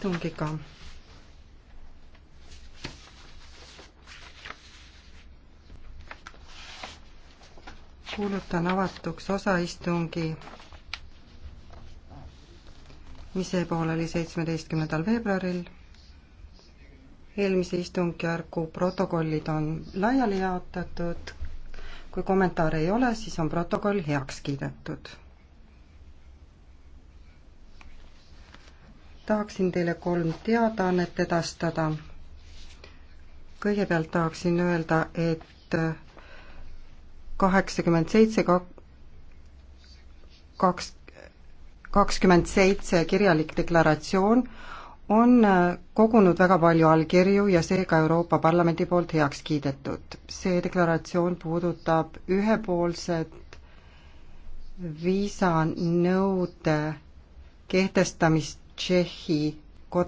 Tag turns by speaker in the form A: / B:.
A: istungiga. kuulutan avatuks osaistungi, mis seepool oli seitsmeteistkümnendal veebruaril. eelmise istungjärgu protokollid on laiali jaotatud. kui kommentaare ei ole, siis on protokoll heaks kiidetud tahaksin teile kolm teadaannet edastada. kõigepealt tahaksin öelda, et kaheksakümmend seitse kaks, kakskümmend seitse kirjalik deklaratsioon on kogunud väga palju allkirju ja seega Euroopa Parlamendi poolt heaks kiidetud. see deklaratsioon puudutab ühepoolset viisanõude kehtestamist Čechy